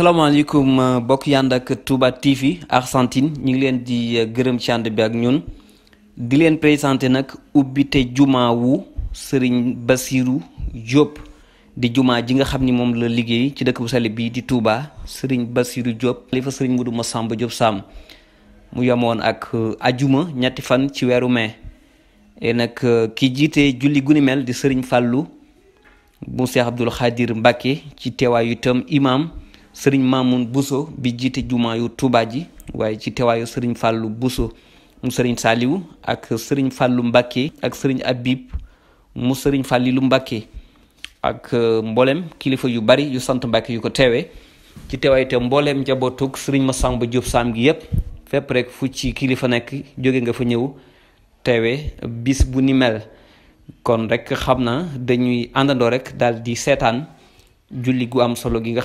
salaamaaleykum euh, bokk yand ak Touba TV Argentine ñu ngi leen di euh, gërëm ci ànd bi ak ñun di leen présenté nag ubbite jumaa wu sëriñ Basiru Diop di jumaa ji nga xam ni moom la liggéey ci dëkk bu sell bii di Touba sëriñ basiiru Diop xalifa sëriñ Mudu Masamba Diop Sam mu yemoon ak euh, ajuma ñetti fan ci weeru mai et nag ki jiite julli guni mel di sëriñ Fàllu mu Seex Abdul Xaadir Mbàkke ci teewaayu itam imam sëriñ Mamoun Bousso bi jiite jumaa yu Touba yi waaye ci teewaayu sëriñ Fallou Bousso mu sëriñ Saliou ak sëriñ Fallou Mbacké ak sëriñ Abib mu sëriñ Fallilou Mbacké ak euh, mboolem kilifa yu bari yu sant Mbacké yu ko teewe ci teewaay te mbooleem njabootug sëriñ ma Massamba Diop Sam gi yépp fépp rek fu ci kilifa nekk jóge nga fa ñëw teewee bis bu ni mel kon rek xam na dañuy àndandoo rek dal di seetaan julli gu am solo gi nga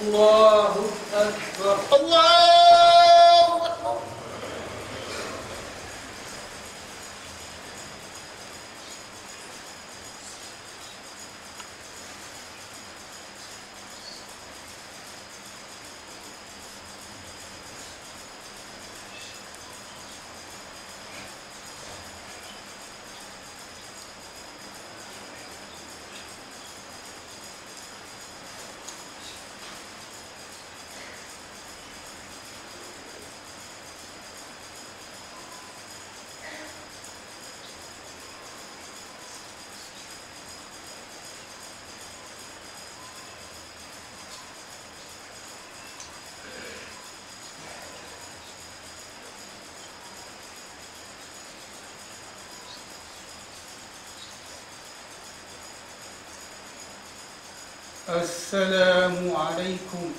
الله أكبر الله asalaamu aleykum.